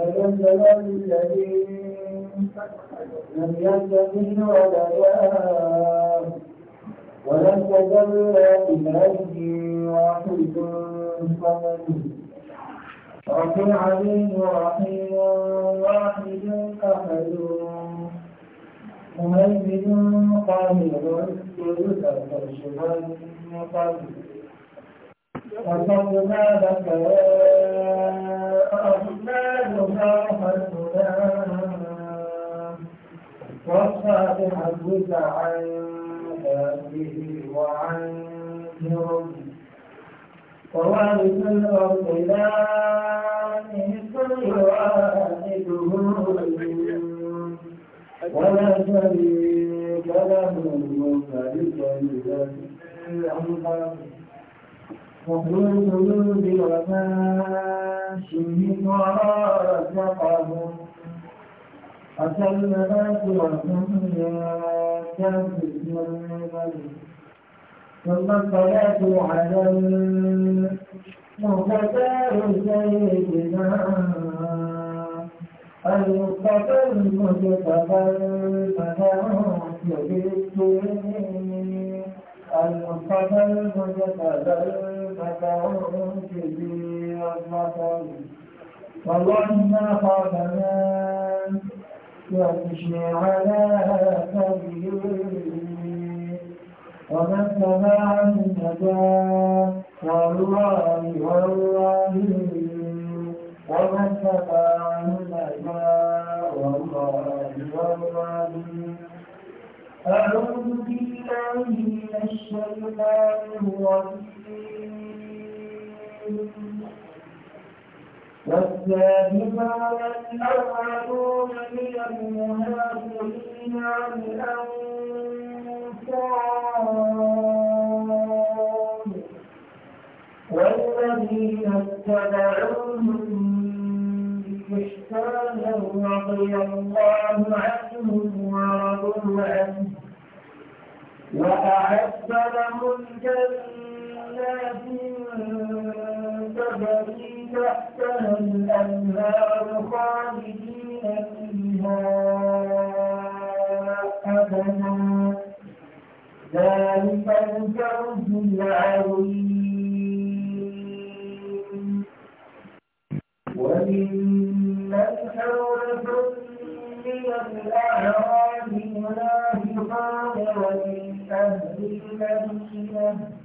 ألم يرى الذين لم يلتفت ولا ولم تجلى إليه واحد صمد رفيع عليم رحيم واحد أحد مهيمن قاهر ذو الكرش والمقدس وصلنا لك أعمالها حسنا واصفح بك عن كافه وعن جرم ووارث الأرض لا يصل واحده ولا شريك له الملك الذي الحمد وقل القلوب وماشيهم ورزقهم أسلمت وهم يستهزئون ثم الصلاة على المختار سيدنا المصطفى المجتبى المنام يبكي المصطفى المجتبى فتعود به البطر والله ما خاف من يمشي على سبيله ومن سمع النجاة والله والله ومن سمع النجاة والله والله أعوذ بالله من الشيطان الرجيم والسابقون الأولون من المهاجرين والأنصار والذين اتبعوهم بإحسان رضي الله عنهم ورضوا عنه وأعد لهم جنات تجري تحتها الأنهار خالدين فيها أبدا ذلك الفوز العظيم ومن حولكم من الأعراب منافقون ومن أهل المدينة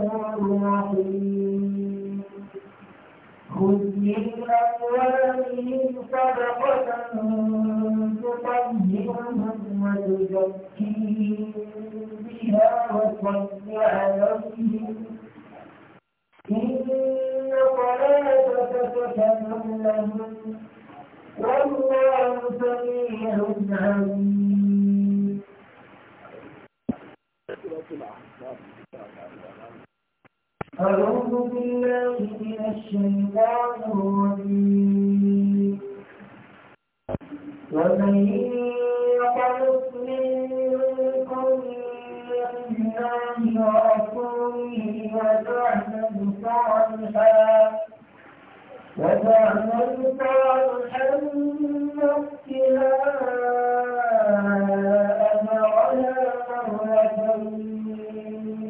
غفور رحيم خذ من أموالهم صدقة تطهرهم وتزكيهم بها وصل عليهم إن صلاتك سكن لهم والله سميع عليم أعوذ بالله من الشيطان الرجيم ومن يقلق منكم لله ورسوله وتعمل صالحا وتعمل صالحا نفسها أجرها مرتين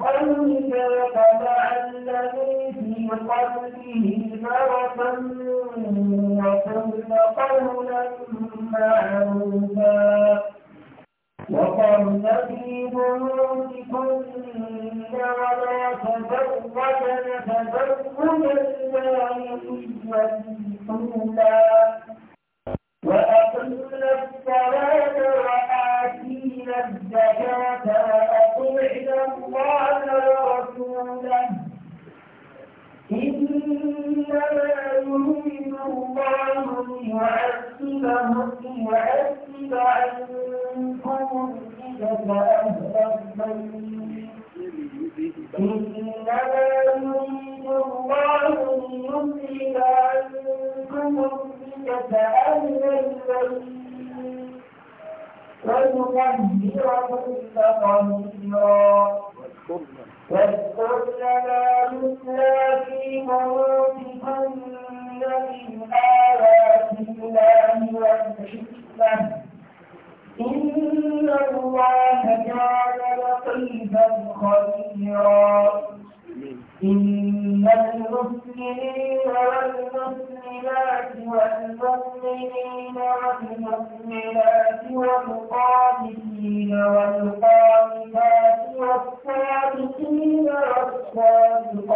قومك فلعل في قلبه مرضا وقل قولا معروفا وقرن في بيوتكن ولا تزوجن تزوج الجاهلية الأولى وأقمنا الصلاة الزكاة وأطعنا إنما يريد الله ليعذبهم ويعذب عنكم الرجس أهل البيت إنما يريد الله ليذهب عنكم الرجس أهل البيت ويطهركم تطهيرا واذكرن ما يتلى في بيوتكن من آيات الله والحكمة إن الله كان لطيفا خبيرا إن المسلمين والمسلمات والمؤمنين والمؤمنات والقانتين والقانتات والصادقين والصادقات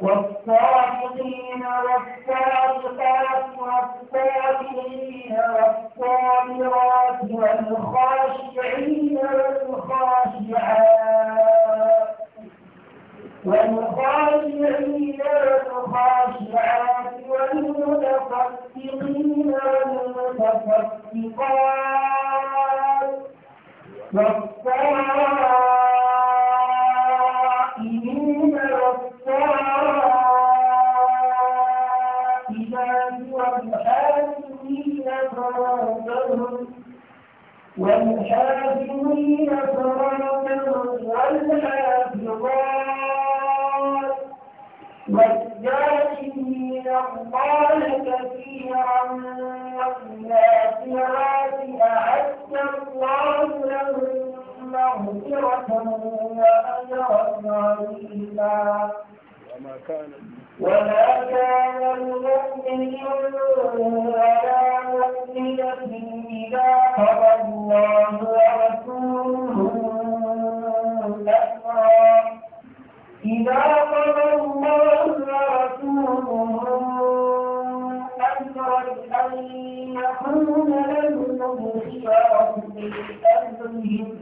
والصادقين والصادقات والصابرين والصابرات والخائفين والخاشعين والخاشعات والحافظين صلاتهم والحافظين صلاتهم والحافظات الجبال كثيرا والناسعات أعد الله لهم مغفرة وأجرا عظيما وما كان وما كان المؤمن ولا مؤمنة إذا قضى الله ورسوله أمرا إذا قضى الله ورسوله أن يكون لهم الخيار من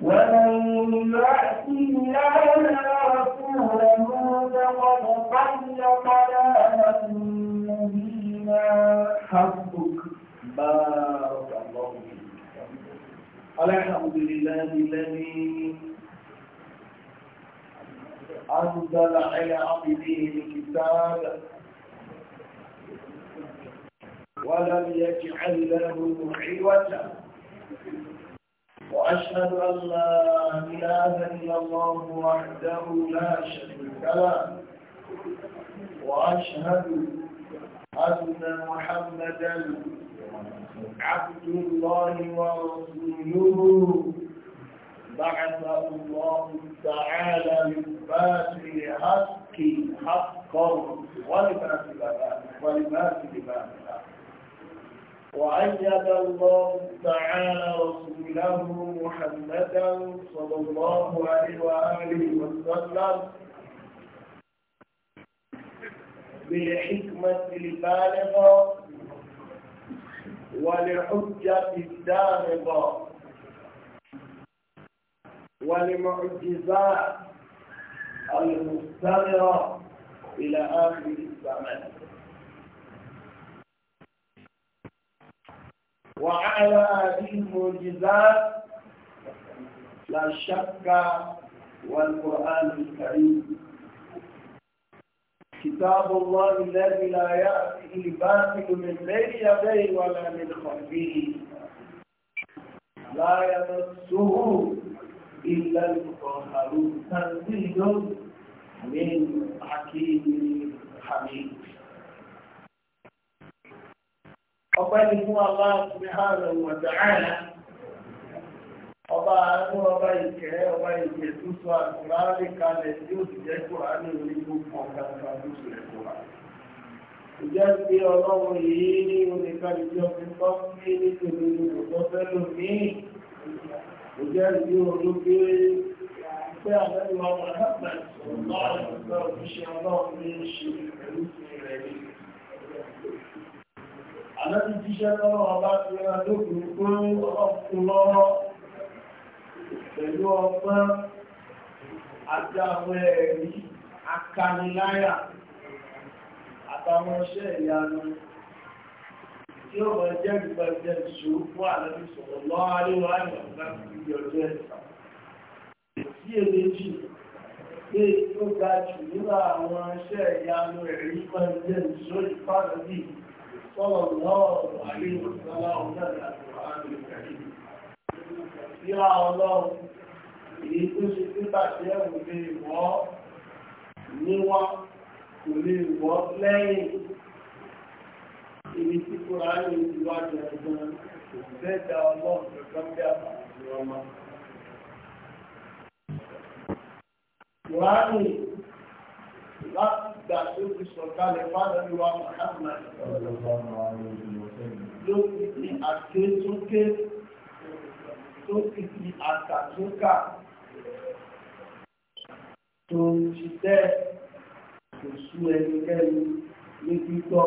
ومن يعص الله ورسوله فقد ضل ضلالا مبينا حسبك بارك الله فيك الحمد لله الذي أنزل على عبده الكتاب ولم يجعل له عوجا وأشهد أن لا إله إلا الله وحده لا شريك له وأشهد أن محمدا عبد الله ورسوله بعثه الله تعالى للباطل حق حقا ولباس لباس وأيد الله تعالى رسوله محمدا صلى الله عليه وآله وسلم بالحكمة البالغة ولحجة الدامغة ولمعجزات المستمرة إلى آخر الزمان وعلى هذه المعجزات لا شك والقرآن الكريم كتاب الله الذي لا يأتيه باطل من بين يديه ولا من خلفه لا يمسه إلا المطهرون تنزيل من حكيم حميد ọpẹ́ ni fún Allah subhanahu wa ta'ala ọba àánú ọba ìkẹ́ ọba ìkẹ́ tó sọ na kalẹ̀ tí ó sì jẹ́ kùránì onígbò kan kankan tó sì rẹ̀ kùrà ìjẹ́ pé ọlọ́run yìí ní oníkàlẹ̀ tí tó ń gbé nítorí olùkọ́ fẹ́lú mi ìjẹ́ pé náà ṣe ọlọ́run ní pẹ̀lú rẹ̀ Àlọ́bí jíṣẹ́ lọ́wọ́ ọba ti rán lókùnrin pé ọkùn lọ́wọ́ pẹ̀lú ọgbọ́n àti àwọn ẹ̀rí akaniláyà àtàwọn iṣẹ́ ìyanu tí ó wọ́n jẹ́ ìgbẹ̀jẹ̀ ìṣòro fún àlọ́bí sọ̀rọ̀ lọ́wọ́ àríwá ìwọ̀n láti ọjọ́ ẹ̀sà. صلى الله عليه وسلم القرآن الكريم يا الله èyí tó ṣe pípà tí ẹ̀wù lè wọ́ níwọ́n kò lè wọ́ lẹ́yìn ibi tí kò ráyè ìwádìí ẹ̀gbọ́n kò dẹ́ta ọlọ́run kankan bí àbàtì ọmọ. Kùránì láti ìgbà tó ti sọ̀kalẹ̀ fádọ́lúwà Muhammad ló ti di àkétóké tó ti di àtàtókà tó ti tẹ́ kò sú ẹnikẹ́ni ní gbígbọ́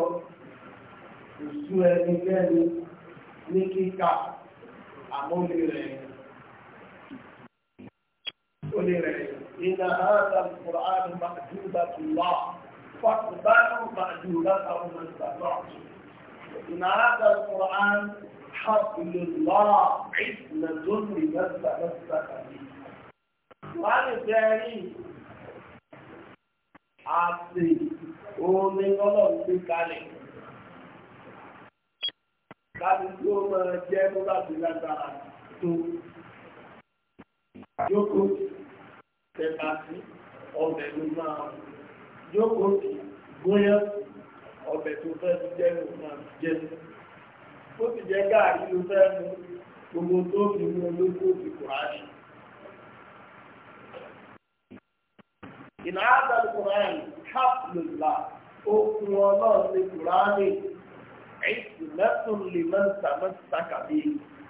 kò rẹ̀ ó lè rẹ̀ إن هذا القرآن مكتوبة الله فاقبلوا مأجورتهم ما استطعتم إن هذا القرآن حبل الله عزلة لمن تمسك به ولذلك àti omi ọlọ́run gbé kalẹ̀ láti tí sí ọbẹ̀ ló máa jókòó kì gúnyán ọbẹ̀ tó fẹ́ ti jẹ́ ìrùnà jẹ́ ó ti jẹ́ gáàrí ló fẹ́ mú gbogbo tó fi mú olóko fi kùránì ìnáàtà kùránì hàpùlùlà okùn ọlọ́run ní kùránì ẹ̀sìn mẹ́tùn lè mẹ́ta mẹ́ta kàbí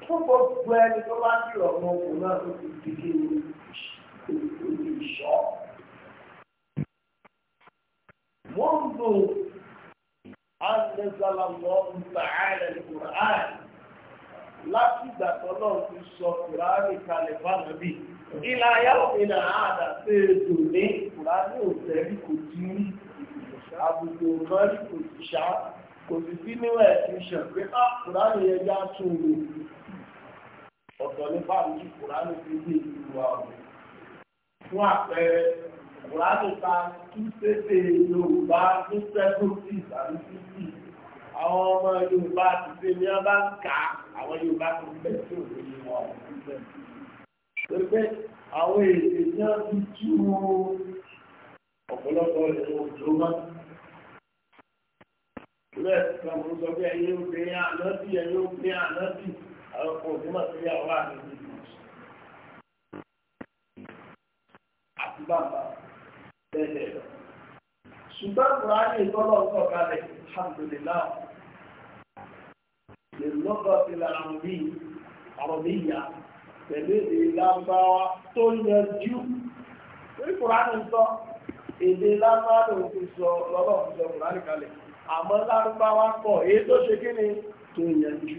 fún gbogbo ẹni tó bá ń dìrọ̀ ọmọkùnrin náà tó ti di kí olùkọ́ ìṣọ́. منذ أن نزل الله تعالى القرآن láti ìgbà tọ́lọ́ ti sọ kùránì kalẹ̀ fáwọn bí ilá yàwó ìlà àdá pé ètò ní kùránì òtẹ́rí kò tí ń àbùkù mọ́rí kò tí ṣá kò sì sí níwẹ̀ ti pé á ah, kùránì yẹn já tún nípa àbùkù kùránì ti dé ìlú wa fún àpẹẹrẹ Kùránì ta tú sédè Yorùbá ní sẹ́kùtì tàbí títì. Àwọn ọmọ Yorùbá ti ṣe ní wọ́n bá ń kà á, àwọn Yorùbá ti ń bẹ̀ tí òun ni wọ́n ti bẹ̀. Pépé àwọn èdè náà ti tú ọ̀pọ̀lọpọ̀ ìṣòro ìjọba lẹ́ẹ̀kan mo sọ pé ẹyẹ obìnrin ànábì ẹyẹ obìnrin ànábì àwọn òbímọ̀ sí àwọn àmì àti bàbá bẹ́ẹ̀ lọ. ṣùgbọ́n kùránì ìtọ́lọ̀ ń sọ̀kalẹ̀ alhamdulillah lè lọ́gọ́ ti la àrùbí àrùbíyà pẹ̀lú èdè lágbáwá tó yanjú. orí kùránì sọ èdè lágbáwá ló ti sọ lọ́lọ́ ti sọ kalẹ̀ àmọ́ lárúbáwá pọ̀ èyí tó ṣe kí ni tó yanjú.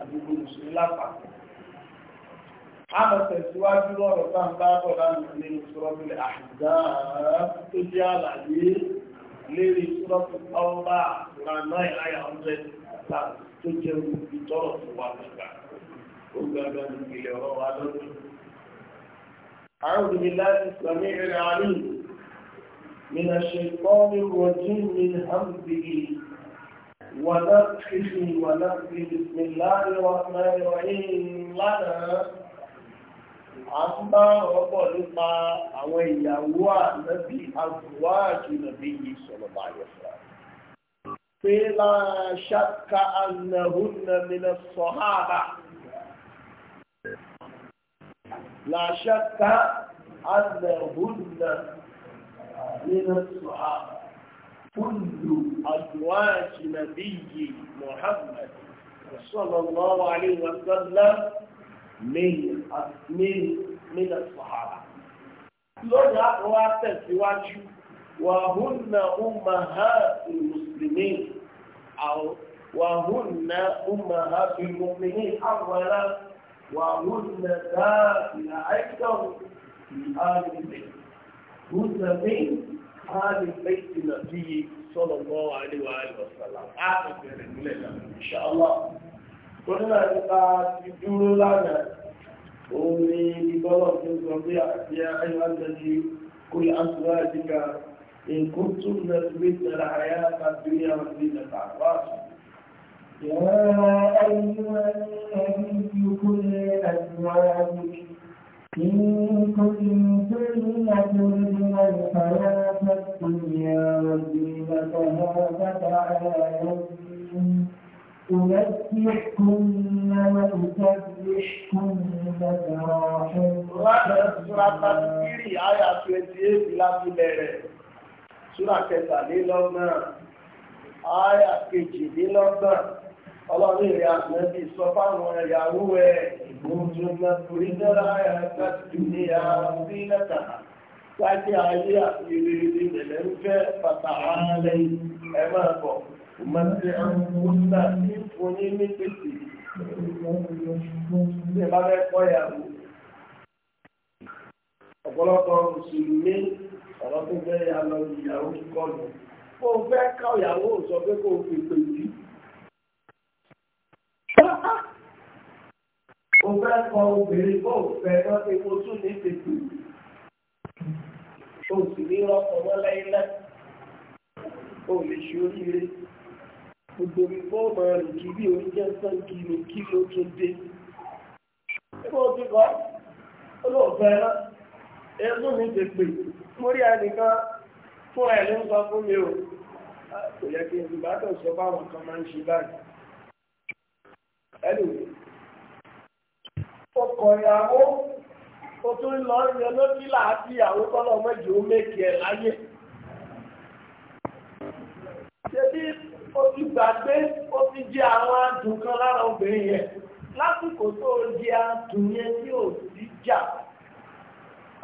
àdúgbò mùsùlùmí lápapọ̀. a lọ tẹ̀síwájú lọ́rọ̀ tá ń bá bọ̀ lánàá nínú sọ́rọ́bìlì Ahzab tó jẹ́ àlàyé lérí sọ́rọ́bì ọba ìlànà ìláyà ọ̀rẹ́ tó أعوذ بالله السميع العليم من الشيطان الرجيم من همزه ونفخ ونفخ بسم الله الرحمن الرحيم لنا عما وقلقا ويهوى نبي أزواج نبي صلى الله عليه وسلم فلا شك أنهن من الصحابة لا شك أنهن من الصحابة كل أزواج نبي محمد صلى الله عليه وسلم من من من الصحابة لولا واتسواج وهن أمهات المسلمين أو وهن أمهات المؤمنين أولا وهن ذات أيضا في آل البيت هن من آل بيت النبي صلى الله عليه وآله وسلم آخر بإذن إن شاء الله كنا نقعد يقول لنا أمي بطلب من يا أيها الذي كل أزواجك إن كنتم تريدن الحياة الدنيا وزينة عراسك يا أيها النبي كل أزواجك إن كنتن تردن الحياة الدنيا وزينتها فتعالين أنبئكن وأسبحكن سراحا Súrátàkìrì àyà 28 láti bẹ̀rẹ̀. Súrà kẹtàlélọ́gbọ̀n, àyà kejìlélọ́gbọ̀n, ọlọ́run ìrìn àmọ́bí sọ fáwọn ìyàwó ẹ̀. Mùsùlùmí tùrìdà àyàtà ní àrùnbínàtà láti ayé àti ìrírí ìbẹ̀lẹ̀ ń fẹ́ pàtàkì ààrẹ ẹ̀mà bọ̀. Mọ̀tí àmúnà ní fún ní ní pèsè. Ṣé bá fẹ́ kọ́ ìyàwó? Ọ̀pọ̀lọpọ̀ Mùsùlùmí ọ̀rọ̀ tó fẹ́ yà lọ ìyàwó kíkọ́ lọ. O fẹ́ kọ obìnrin kó fẹ́ lọ epo tún ní tètè o sì ní ọkọ̀ wọn lẹ́yìn náà o lè ṣe oríire gbogbo mi kó mọ rìn kí bí oúnjẹ sàn kí ni kí ló tún dé. ẹgbẹ́ òbí kan ó fẹ́ mi ti o kò yẹ kí n bá sọ ọkọ ìyàwó o tún lọ yẹ lórí láti ìyàwó kọ́lọ̀ mẹ́jọ méje ẹ̀ láyé. ṣebí o ti gbàgbé o ti jẹ àwọn adùn kan lára obìnrin yẹn lásìkò tó o jẹ adùn yẹn tí o sì jà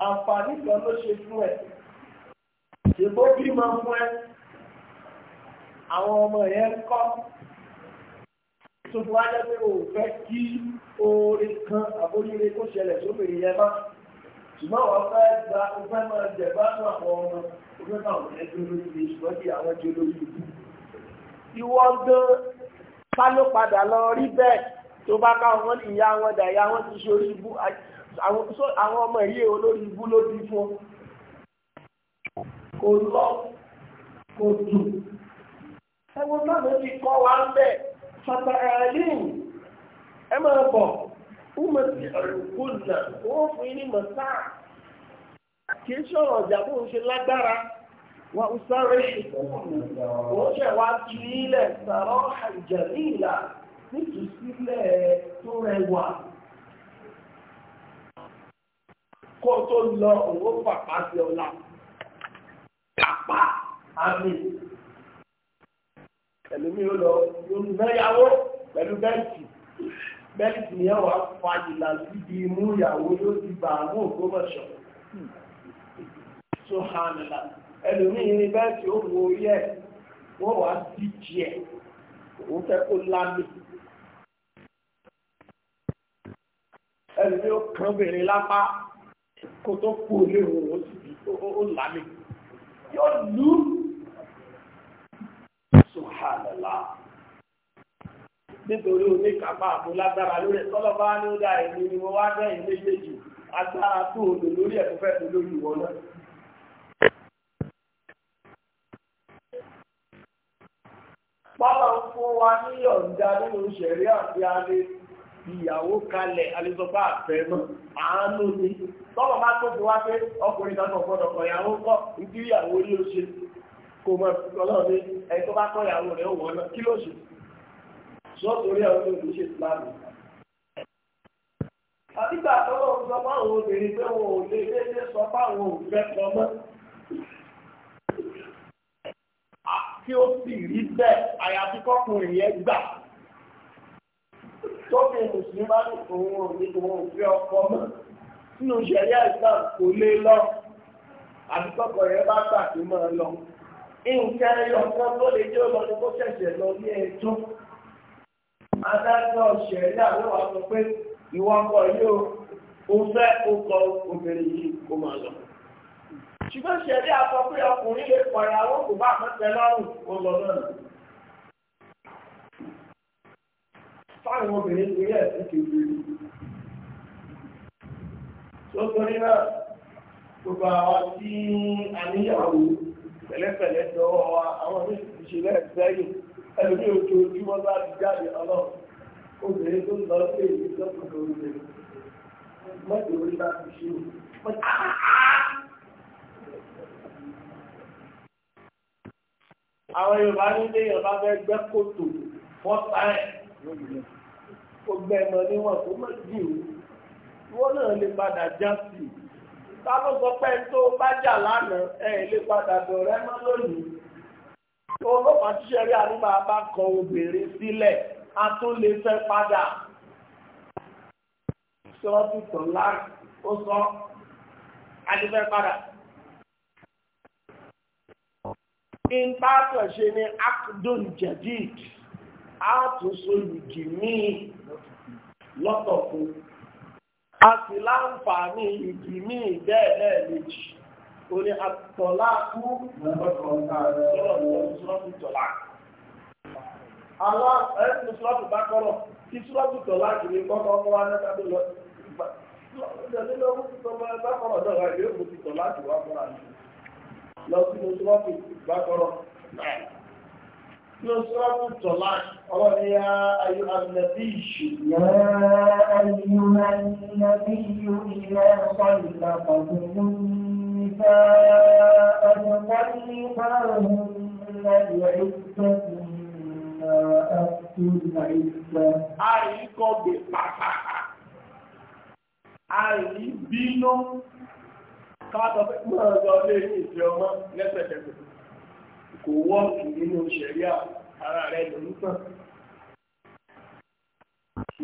àǹfààní kan ló ṣe fún ẹ ṣèbó bímọ fún ẹ àwọn ọmọ yẹn kọ́ tó fún ajẹ́ pé o fẹ́ kí oore kan àbóríire kó ṣẹlẹ̀ sóbìnrin yẹn má ṣùgbọ́n wọ́n fẹ́ gba o fẹ́ máa jẹ bá fún àwọn ọmọ o fẹ́ máa wọ̀nyẹ́ tó lórí ilé ṣùgbọ́n bí àwọn jẹ lórí ìlú. ìwọ gan ká ló padà lọ rí bẹ́ẹ̀ tó bá ká wọn ìyá wọn dà ìyá wọn ti ṣe orí ibú àwọn ọmọ ìyé olórí ibú ló ti fún kò lọ kò dùn ẹ̀wọ̀n náà ló ti kọ́ wa ń bẹ́ẹ̀ fata'alim ẹ máa bọ̀ ọmọ ti ọ̀rùnkúnà wọ́n fún yín ní mọ̀sá kì í sọ̀rọ̀ ọ̀jà bó ń ṣe lágbára wa usare wọ́n ṣẹ̀ wá tu ilẹ̀ sàrọ̀ àjẹ̀míìlà nítòsílẹ̀ tó rẹwà kó tó lọ òun pàpà sí ọ̀la pàpà àmì ẹlòmí yóò lọ yóò náyàwó pẹ̀lú bẹ́ẹ̀tì bẹ́ẹ̀tì yẹn wà fàyìlà síbi imú ìyàwó yóò ti bà àwọn ògbómọ̀ṣọ́ tó hànàlà ẹlòmí yìí ni bẹ́ẹ̀tì ó wo orí ẹ̀ wọ́n wà á di jẹ́ òun fẹ́ kó lámì. ẹlòmí yóò kàn bèrè lápá kó tó kú olé òun ó lámì yóò lù ú. subhanallah nítorí oníkàpá àbúlágbára lórí tọ́lọ́bá ní ó dá èmi ni mo wá dẹ́ ilé méjì agbára tó odò lórí ẹ̀kọ́ fẹ́ tó lórí náà. ń fún wa ní yọ̀ǹda nínú ìṣẹ̀rí àti alẹ́ ìyàwó kalẹ̀ alẹ́sọ́fà àfẹ́ náà àánú ni. Tọ́lọ̀ bá tó fi wá pé ọkùnrin kan kọ̀ ìyàwó kọ́ ìdí ẹni tó bá kọ́ ìyàwó rẹ̀ ó wọ́n náà kí ló ṣe ṣọ́ọ̀tù orí àwọn olóògùn ṣe ìsìláàmù. àbígbà tó lọ sọ fáwọn obìnrin pé wọn ò lè déédéé sọ fáwọn òfẹ́ kan mọ́. kí ó sì rí bẹ́ẹ̀ àyàfi kọ́kùnrin yẹn gbà tóbi mùsùlùmí bá ní òun ò ní òun ò fi ọkọ mọ́ nínú ìṣẹ̀lẹ̀ àìsàn kò lè lọ àbíkọ́kọ̀ yẹn bá gbà tó máa lọ nǹkan ẹyọ kan tó lè jẹ́ ọmọ ní kó ṣẹ̀ṣẹ̀ lọ ní ẹjọ́ adájọ́ ṣẹ̀rí àwọn àwọn pé ìwọ ọkọ yóò ó fẹ́ ọkọ obìnrin yìí kó máa lọ. ṣùgbọ́n ṣẹ̀rí àkọ́ pé ọkùnrin lè pọ̀ra owó kò bá àmọ́tẹ lọ́rùn kó lọ náà. fáwọn obìnrin ti rí ẹ̀sìn kejì tó torí náà gbogbo àwọn tí àníyàwó pẹ̀lẹ́pẹ̀lẹ́ dọ́wọ́ wa àwọn méjì ṣe lẹ́ẹ̀sẹ́yìn ẹlòmí ojoojúmọ́ bá ti jáde ọlọ́run obìnrin tó ń lọ sí èyí lọ́kùnrin obìnrin mọ́tò orí láti ṣe o àwọn yorùbá nílé yorùbá fẹ́ gbẹ́ kòtò fọ́ta ẹ̀ ó gbẹ́ ẹ̀mọ́ níwọ̀n tó mọ̀ jù wọ́n náà lè padà já sí i ta ló sọ pé tó bá jà lánàá ẹ lè padà dọ̀rẹ́ mọ́ lónìí. olóòpá ṣíṣe rí àdúgbò bá kọ obìnrin sílẹ̀ a tún lè fẹ́ padà. sọ́ọ́tù tó lá ó sọ a lè fẹ́ padà. Ìpàtọ̀ ṣe ni Akdun Jadid, a tún so lùdì míì lọ́tọ̀ fún un a sì láǹfààní ìdí ní ìbẹ́ẹ̀ lẹ́ẹ̀mejì ó ní àtọ̀lá kú ẹ̀sùn sọ́ọ̀tù bá kọ́rọ̀ kí sọ́ọ̀tù tọ̀lá kìí kọ́kọ́ ọmọ wa náà tábí lọ ìdánilọ́wọ́ ti tọ́ bá bá kọ́rọ̀ náà wáyé ó ti tọ̀lá kìí wá fúnra lọ sínú sọ́ọ̀tù bá kọ́rọ̀ náà. نصرة الطلاق قال يا أيها النبي يا أيها النبي إذا طلقتم النساء فطلقاهن لعدتهن أفتوا العدة أيكم بفتحة أي بينو قاطع مهزة ليه في يوم نسكت kò wọ́ọ̀kì nínú ṣẹ̀ríà ara rẹ̀ lòún tán.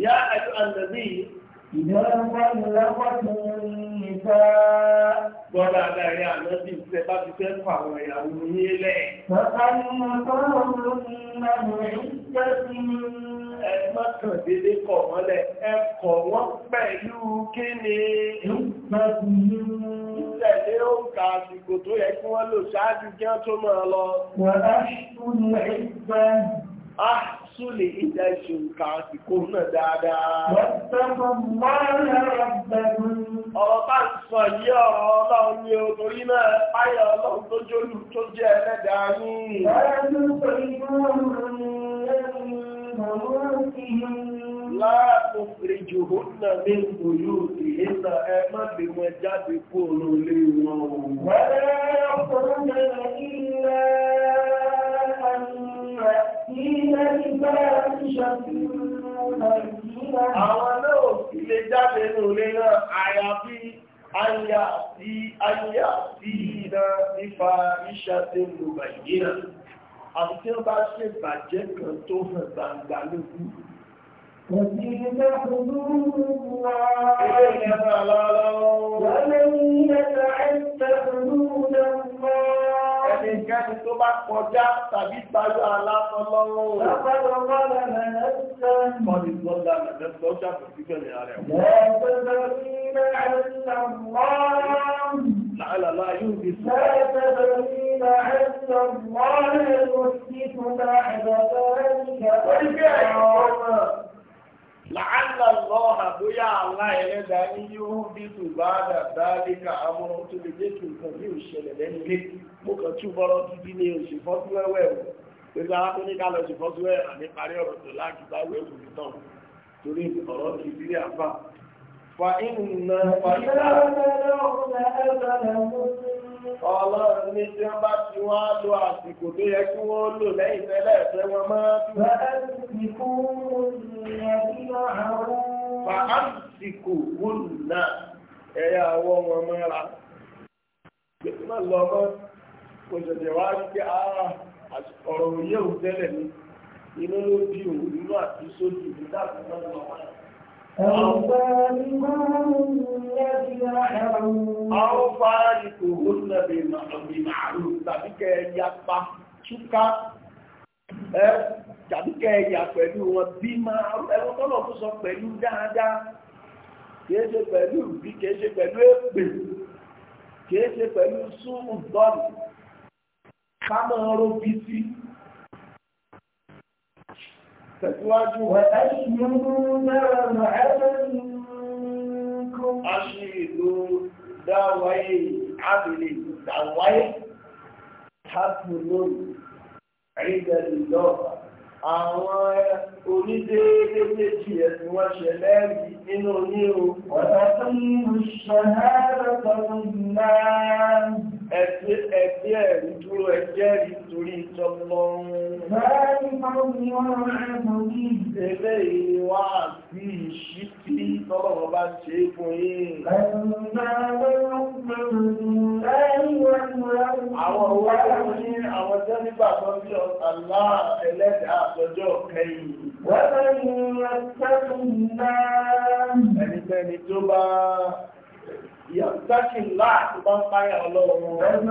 Yá àjọ àǹdàbí ìdára wọn lápapọ̀ nípa. Gbọ́dọ̀ adarí bá ti fẹ́ fà àwọn ìyàwó yín lẹ̀. Bàbá mi mọ̀ tọ́lọ̀ lórí ìlànà ìjẹ́sìn má kàn dédé kọ̀ mọ́lẹ̀ ẹ kọ̀ wọ́n pẹ̀lú kí ni ìtẹ̀lé òǹkà àsìkò tó yẹ kí wọ́n lò ṣáájú kí wọ́n tó máa lọ. Súlè ìjà ìṣòǹkà àsìkò náà dáadáa. Ọ̀rọ̀ bá ń sọ yí ọ̀rọ̀ ọlọ́run ni o torí náà páyà ọlọ́run tó jólù tó jẹ́ ẹlẹ́dàá ní. Ẹ̀rọ بموتهم لا تخرجهن من بيوتهن أما بمجد كل لهم ولا يخرجن إلا أن يأتين بفاحشة مبينة àwọn náà ò sì lè jáde nínú ilé náà àyàfi ayà sí ayà sí iná nípa iṣẹ́ tí mo bàyìí náà àti tí wọ́n bá ṣèbàjẹ́ kan tó hàn gbangba lójú وتلك حدود الله ومن يتعد حدود الله ẹnikẹ́ni tó bá kọjá tàbí tayọ aláfọlọ́wọ́. Lápẹ́lọ́ bá lẹ́nà lẹ́sẹ̀. Mọ́ni tó lẹ́nà lẹ́sẹ̀ ó ṣàpè síbẹ̀ làálà lọ́ha bóyá àlá ẹlẹ́dà ní yóò bí tù bá dà dáadéka amúnà tó lè dé tù nǹkan ní òṣèlè lẹ́nu lé mo kàn tún bọ́rọ̀ títí ní oṣù fọ́túwẹ́wẹ́ o pẹ̀lú ara tó ní ká lọ oṣù fọ́túwẹ́ àní parí ọ̀rọ̀ tó láti bá wẹ̀ òkú tán torí ọ̀rọ̀ ti bí rí àbá. fa ìnùnà fa ìnùnà. ọlọ́run ní tí wọ́n bá ti wọ́n á lo àsìkò tó yẹ kí wọ́n lò lẹ́yìn tẹ́lẹ̀ fẹ́ wọn mọ́. fàásìkò wọ́n nà ẹ̀yà àwọ̀ wọn mọ́ra. gbèsè kò ṣẹ̀ṣẹ̀ wá sí ara ọ̀rọ̀ òye òun tẹ́lẹ̀ inú ló bí òun nínú àti sójú ìdílé àti mọ́ra. Àwọn fàárí kò ó lẹ́bẹ̀ tàbí kẹ́ẹ̀yà pẹ̀lú wọn bí máa ẹwọ́n tó sọ pẹ̀lú dáadáa kìí ṣe pẹ̀lú bí kìí ṣe pẹ̀lú èpè kìí ṣe pẹ̀lú súnmù ká tẹ̀síwájú. Aṣílò dáwáyé àbìlì dáwáyé tàbílòrì rígbẹ̀lélọ́pàá. Àwọn onídéédé méjì ẹ̀sìn wọ́n ṣe lẹ́rìí nínú oníhò. Ọ̀tọ̀ tó ń ṣe náà lọ́tọ̀ náà ẹgbẹ́ ẹ̀rí dúró ẹgbẹ́ rí torí tọ́lọ́run. Bẹ́ẹ̀ni máa ń wọ́n ẹ̀mọ̀ ní ìdẹ́lẹ̀ ìwà àti ìṣítí tọ́lọ́run bá ṣe é fún yìí. Àwọn òwúrọ̀ tó ní àwọn tẹ́ nígbà tó ń jọ àlá ẹlẹ́dàá àtọ́jọ́ kẹyìn. Wọ́n bẹ́ẹ̀ ni ẹgbẹ́ tó ń bá. Ẹnikẹ́ni tó bá yàtàkì láti bá ń páyà ọlọ́run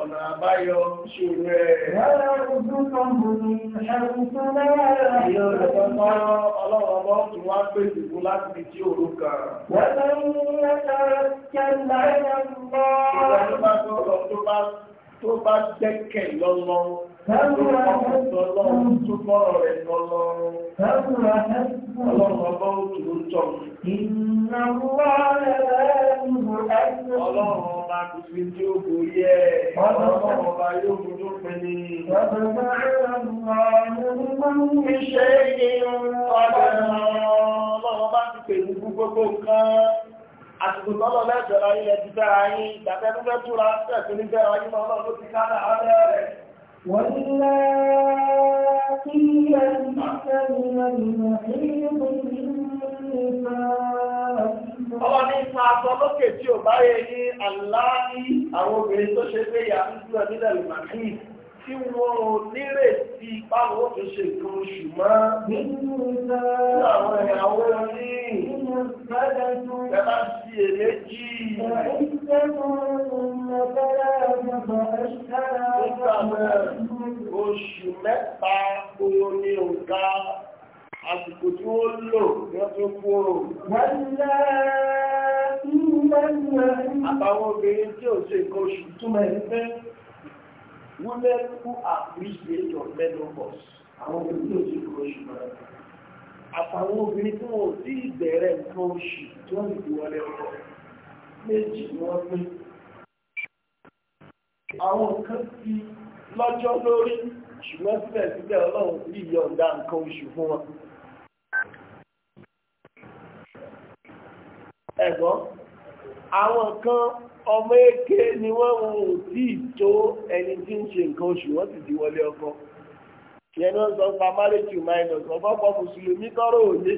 ọ̀nà àbáyọ ṣòro ẹ̀ rárá ojú kan bù ní ẹ̀rùn tó lẹ́yà rẹ̀ ọlọ́run bọ́ tún wá pè ìdìbò láti fi tí òru kan wọ́n lẹ́yìn ẹ̀rọ kẹlẹ̀ ẹ̀rọ mọ́ tó bá jẹ́kẹ̀ lọ́lọ́run Kẹ́lúra ọlọ́run tó fọ́rọ̀ rẹ̀ lọ́lọ́run. Kẹ́lúra ọlọ́run ọba òtù ló tọ̀. Ìnà wà lẹ́lẹ́rù ẹ̀sùn. Ọlọ́run ọba kò sí tí ó borí ẹ̀. Ọlọ́run ọba yóò mú tó pẹ́ ní. Ọlọ́run ọba ti pẹ̀lú gbogbo nǹkan. Àsìkò tọ́lọ̀ lẹ́jọ́ láyé ẹ̀ ti fẹ́ra yín. Ìgbàfẹ́ tó fẹ́ túra, fẹ́ tó ní fẹ́ra yín mọ́ ọlọ́run ló ti ká واللاتي يئسن من المحيض من Ọwọ́ ní ipa aṣọ lókè tí ò bá yẹ ní àláàrí àwọn obìnrin tó ṣe pé yà ń dúró nílẹ̀ tí wọ́n ò nírètí báwo tó ṣe nǹkan oṣù máa nínú àwọn ìyàwó ní ẹ̀bá sí èméjì oṣù mẹ́ta oyo ní òǹkà àsìkò tí ó lò ní ọdún kúrò àtàwọn obìnrin tí ò ṣe nǹkan oṣù túnmọ̀ ẹ̀fẹ́ women who have reached the age of menopause àwọn obìnrin tí ò sí nǹkan oṣù mọ́ra àtàwọn obìnrin tí wọn ò sí ìbẹ̀rẹ̀ nǹkan oṣù tí wọ́n ti wọlé ọkọ̀ méjì ni wọ́n pín àwọn kan ti lọ́jọ́ lórí ṣùgbọ́n síbẹ̀síbẹ̀ ọlọ́run sì yọ̀ǹda nǹkan oṣù fún wọn. ẹ̀gbọ́n àwọn kan ọmọ èké ni wọ́n wò ó tí ì tó ẹni tí ń ṣe nǹkan oṣù wọ́n sì ti wọlé ọkọ yẹn ni wọ́n sọ pa marriage minus ọ̀pọ̀pọ̀ mùsùlùmí tọrọ òye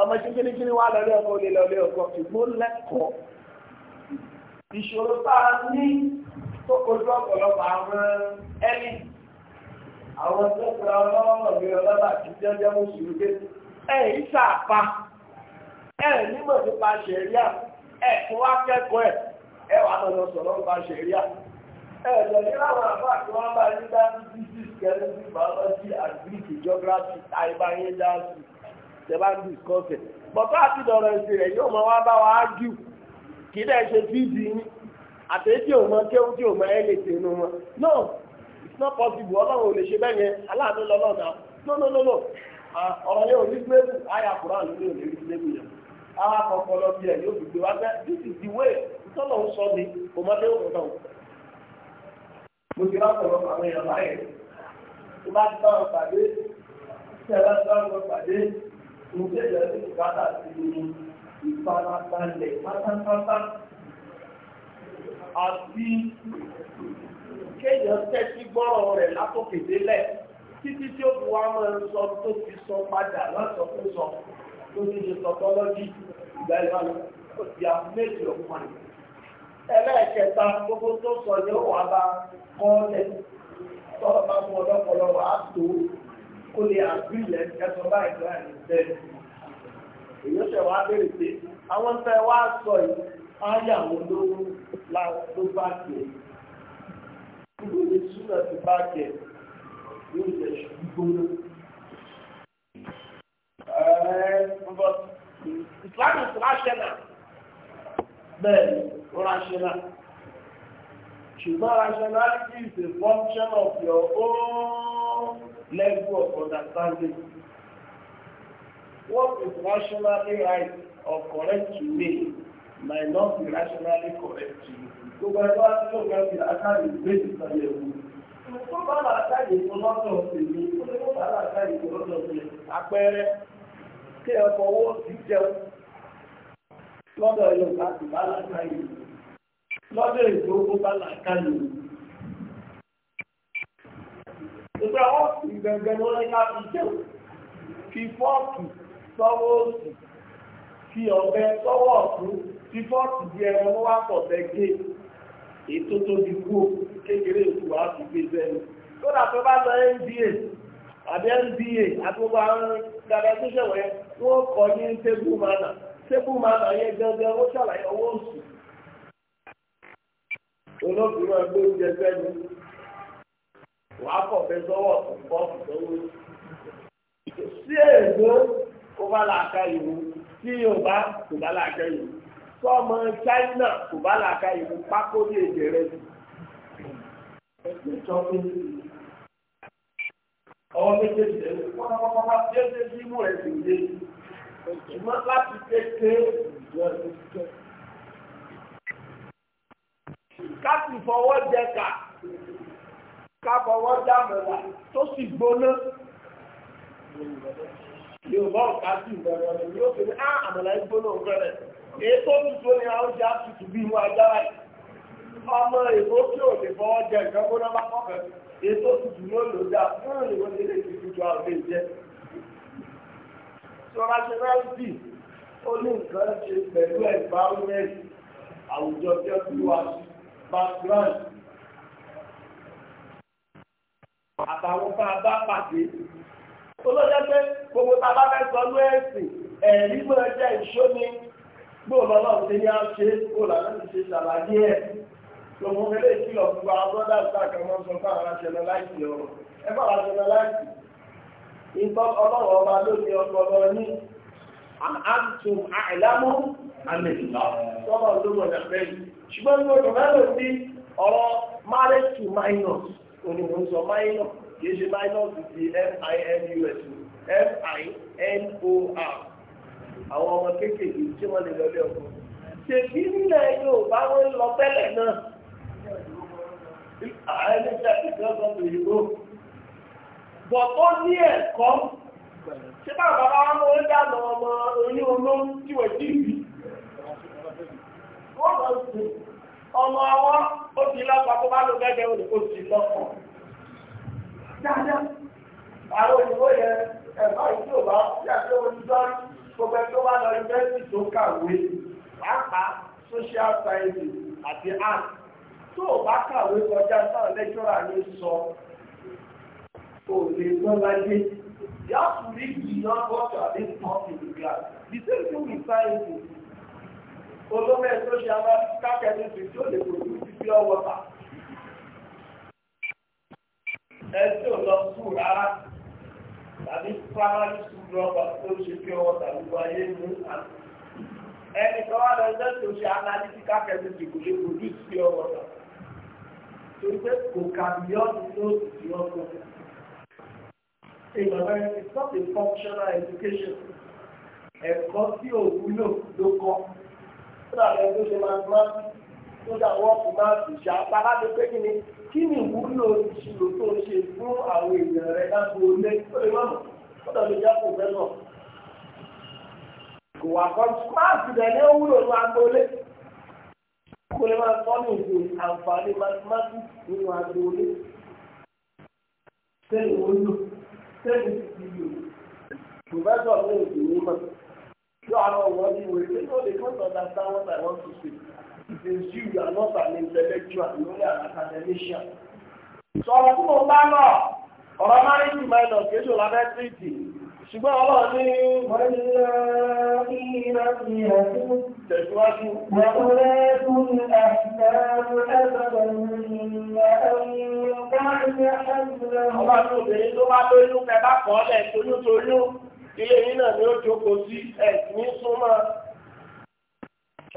ọmọ ṣe kíníkíní wà lọlé ọkọ olè lọlé ọkọ ṣùgbọ́n lẹ́kọ̀ọ́ ìṣòro tá a ní tó kojú ọ̀pọ̀lọpọ̀ àwọn ẹni àwọn tó fura ọlọ́wọ́ mi ọlọ́lá kì í jẹ́jẹ́ mùsùlùmí ẹ̀ ń ṣàpá ẹ̀ nímọ̀ nípa ṣẹ̀ríà ẹ̀ fún wa kẹ́kọ̀ọ́ ẹ̀ ẹwà lọ́lọ́ sọ̀rọ̀ ń bá ṣe rí à. ẹ̀ẹ̀dọ̀ ní láwọn àbá tí wọ́n bá yín dá sí physics chemistry biology and greek geography àìbáyé dá sí ṣẹ̀bá bọ̀tọ́ àti dọ̀rọ̀ ẹ̀sìn rẹ̀ yóò mọ wá bá wa ájú kì dẹ̀ ṣe fíìdì yín àtẹ̀jì ò kéwú tí ò ẹ̀ lè tẹnu wọn. no it's not possible ọlọ́run ò lè ṣe bẹ́ẹ̀ yẹn aláàánú lọ́lọ́dà no no no no ọ̀rọ̀ yẹn ò ní gbé this is the way tọ́lọ̀ ń sọ ni kò má dé òkú náà. mo ti wá sọ̀rọ̀ àwọn èèyàn báyìí tó bá ti bá wọn pàdé tí ẹ bá ti bá wọn pàdé mo ti ẹ̀jẹ̀ sí ìbáta sí ìfarabalẹ̀ pátápátá àti kéèyàn tẹ́tí gbọ́rọ̀ rẹ̀ látòkè délẹ̀ títí tí ó fi wá máa ń sọ tó fi sọ padà lọ́sọ̀kúsọ tó ti ṣe sọ̀tọ́lọ́jì ìgbà ìbálòpọ̀ ìyàwó méjì ọ̀pọ̀ àyè ẹlẹ́ẹ̀kẹta gbogbo tó sọ ní òun àbá kọ́ọ̀lẹ̀ tọ́lọ́ bá mú ọlọ́pọ̀lọ́ wà á tó kó lè àbí ilẹ̀ ẹ̀sọ́ báyìí lọ́yà ní bẹ́ẹ̀. èyí ṣe wá béèrè pé àwọn tẹ wá sọ yìí áyàwó lówó ló bá jẹ ìlú ní súnà ti bá jẹ yóò jẹ gbígbóná. Ìsìlámù ìsìláṣẹ́ náà. bẹ́ẹ̀ rational ṣùgbọ́n rationality is a function of your own level of understanding what is rationally right or correct to me might not be rationally correct to you. tó bá ẹgbẹ́ wá sí ọ̀gá mi àtàrí ìgbé ìsàlẹ̀ ẹ̀wù tó bá bá àtàrí ìfọlọ́tọ̀ tèmi ó lè mọ́ bá àtàrí ìfọlọ́tọ̀ tèmi àpẹẹrẹ kí ẹ fọwọ́ sí jẹun lọ́dọ̀ ilẹ̀ láti bá lákàyè lọ́dọ̀ ìgbógun bá lákàyè ìgbà ọ́ọ̀sì gbẹ̀gbẹ̀ ló lẹ́ka fi jẹ́ fi fọ́ọ̀kì sọ́wọ́ òsì fi ọ̀bẹ sọ́wọ́ ọ̀tún fi fọ́ọ̀kì di ẹran wá pọ̀bẹ gé ètò tó di kú kékeré ètò wá fi gbé sẹ́nu tó bá nba àbí nba àti gbogbo àwọn ní sébù máa nà yẹn gangan ó ṣàlàyé owó oṣù olóògùn náà gbé oúnjẹ sẹ́nu wàá kọ̀ fẹ́ sọ́wọ́ bọ́ọ̀sì sọ́wọ́ sí èèyàn ó bá làákà ìwò tí yorùbá kò bá làákà ìwò sọ́ọ̀mọ China kò bá làákà ìwò pákó ní èdè rẹ̀ jù ọwọ́ méjèèjì lẹ́nu pátápátá tí ó ṣe sí imú rẹ̀ sì ń dé ṣùgbọ́n láti kékeré ìjọ ló jẹ́. ká sì fọwọ́ jẹ kà ká fọwọ́ dámọ̀lá tó sì gbóná. Yorùbá ọ̀ká sí ìgbẹ̀rẹ̀ ọ̀rẹ́ yóò fi ní á àmàlà ìgbóná ògbẹ̀rẹ̀. Èyí tó tutù ni àwọn oúnjẹ àtútù bí wọn agbára yìí. Ọmọ èbó tí ò lè fọwọ́ jẹ ìjọba náà bá kọ̀ọ̀kan. Èyí tó tutù ló lò fún ìwọ́n ilé ìtìtìtì àwọn ilé ìjẹ́ tí wọ́n bá ṣe rẹ́ǹtì ó ní nǹkan ṣe pẹ̀lú environment àwùjọ tí ó ti wá background àtàwọn bá a bá pàdé olóyè pé gbogbo tá a bá fẹ́ sọ ló ẹ̀sìn ẹ̀rí mọ́ ẹ jẹ́ ìṣóni gbóòlù ọlọ́run ti ní á ṣe gbóòlù àwọn ti ṣe ṣàlàyé ẹ̀ lòun fẹ́lẹ́ ìkìlọ̀ fún wa brọ́dà sáà kan mọ́ sọ fún àwọn aṣẹ̀lẹ̀ láìsí ọ̀rọ̀ ẹ bá àwọn aṣẹ̀lẹ̀ ìtọ́ ọlọ́wọ́ ọba lórí ọpọlọ ní àtùm àìlámú àmìlá tọ́lọ̀ lóòrùn ẹ̀fẹ́ ṣùgbọ́n ní ọdún mẹ́rin sí ọ̀rọ̀ marriage to minors onímọ̀ sọ minor kìí ṣe minors ti minus minor àwọn ọmọ kéékèèké tí wọ́n lè lọlé ọkọ̀ ṣèbí nílẹ̀ yóò bá wọn lọ tẹ́lẹ̀ náà àìlẹ́sẹ̀ ìjọba òyìnbó bọ̀ tó ní ẹ̀kọ́ ṣé bá bàbá wọn ló ń dànà ọmọ oyún olóhùn tí wọ́n ti bì ọmọ ọwọ́ ó ti lọ́pàá tó bá lò gẹ́gẹ́ olùkó ti lọ́pọ̀ dáadáa àwọn òyìnbó yẹn ẹ̀fọ́ ìjọba yàtí olùdó gbogbo ẹni tó bá lọ yunifásitì tó kàwé pàápàá social sciences àti art tó o bá kàwé kọjá sáà lẹ́jọ́ra ní sọ kò lè gbọ́n láyé. You have to read beyond what are being taught in the class. The same thing with science. Olómọ ẹ̀ tó ṣe analytical chemistry tí ó lè produce pure water. Ẹ tí ò lọ sùn rárá tàbí primary school rọ́bà tó ṣe pure water gbogbo ayé mú àná. Ẹnì kan wá lọ ẹgbẹ́ tó ṣe analytical chemistry kò pure water. Torí pé kò kà beyond the in America, it's not a functional education. Ẹ̀kọ́ tí ò wúlò ló kọ́. Ó dàbí ẹni tó ṣe máa ń máa tó dà wọ́n kò máa fi ṣe apaládé pé kí ni kí ni ìwúlò ìṣirò tó ṣe fún àwọn èèyàn rẹ̀ lágbo ilé tó lè mọ̀mọ́. Ó dàbí ìjà kò fẹ́ náà. Kò wà kan máàsì rẹ̀ ní ó ní agbo Kò lè máa tọ́ ní ìwé àǹfààní mathematics nínú agbo ilé. Sẹ́yìn sẹ́yìn ti di yòó pòfẹ́sọ̀ ní èdè mímọ̀ yóò àwọn ọ̀wọ́ ní ìwé pé ó lè kọ́sọ̀ understand what I want to say since you are not an intellectual you only an academician. sọ̀rọ̀ tí mo bá lọ ọ̀rọ̀ máa ń tì máa lọ kí èso lábẹ́ tìrìtì ṣùgbọ́n ọlọ́run ní. wọ́n ní ìrántí àti tẹ̀síwájú. Ọba tó obìnrin tó bá lóyún kẹta kọ́ lẹ̀ toyúntoyún ilé yìí náà ni ó jókòó sí ẹ̀ ní súnmọ́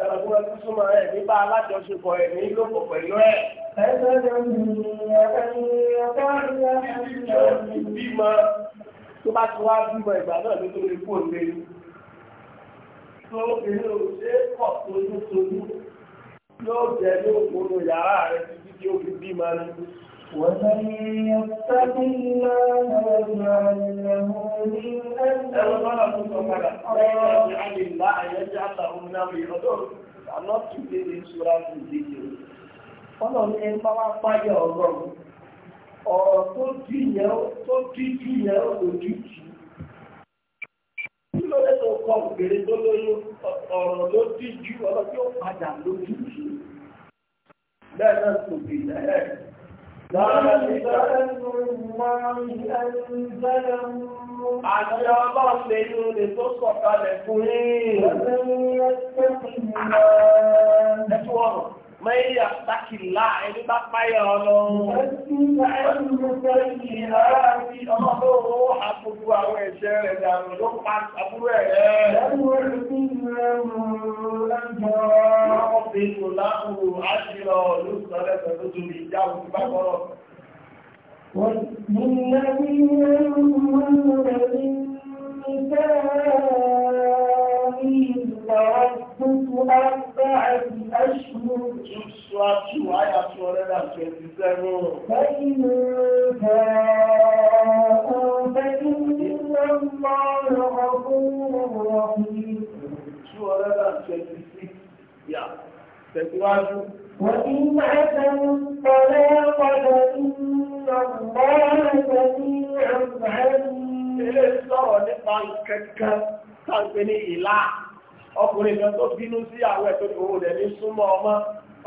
ẹ̀rọ̀gbọ́n ti súnmọ́ ẹ̀ nípa alájọṣepọ̀ ẹ̀ ní lóko pẹ̀lú ẹ̀. Ẹgbẹ́ mi ni ẹ̀rọ ìbímọ tó bá ti wá bímọ ìgbà náà nítorí kú òde tó obìnrin ò ṣe é pọ̀ tójútójú yóò jẹ́ yóò gbónú yàrá rẹ̀ títí tí ó fi bí máa ní. ومن يتق الله يجعل له من أمره Alọ́túndé ní ṣúra fún ìdíje. Ọlọ́run ní bá wá páyọ̀ ọlọ́run. Ọ̀rọ̀ tó dìyẹ̀ ó lójú jù ló lè tó kọ obìnrin tó lóyún ọ̀rọ̀ ló díjú ọ̀rọ̀ tí ó padà lójú bẹ́ẹ̀ náà tó bì lẹ́ẹ̀. Àti ọlọ́run lè ní olè tó sọ̀kalẹ̀ fún yín. Ẹ̀sìn ẹ̀sìn Mẹ́yà sákìlá ẹni bá páyà ọlọ́run. والذين يؤمنون بالنساء ربك أربعة أشهر وعلى سورة 27 فإن فاءوا فإن الله غفور رحيم سورة 26 يا تتواجه وإن عزموا الطلاق فإن الله سميع عليم. إلى الصلاة نقطع الكتكة تعطيني إله ọkùnrin kan tó bínú sí àwọn ẹ̀tọ́ ìhòòhò rẹ̀ ní súnmọ́ ọmọ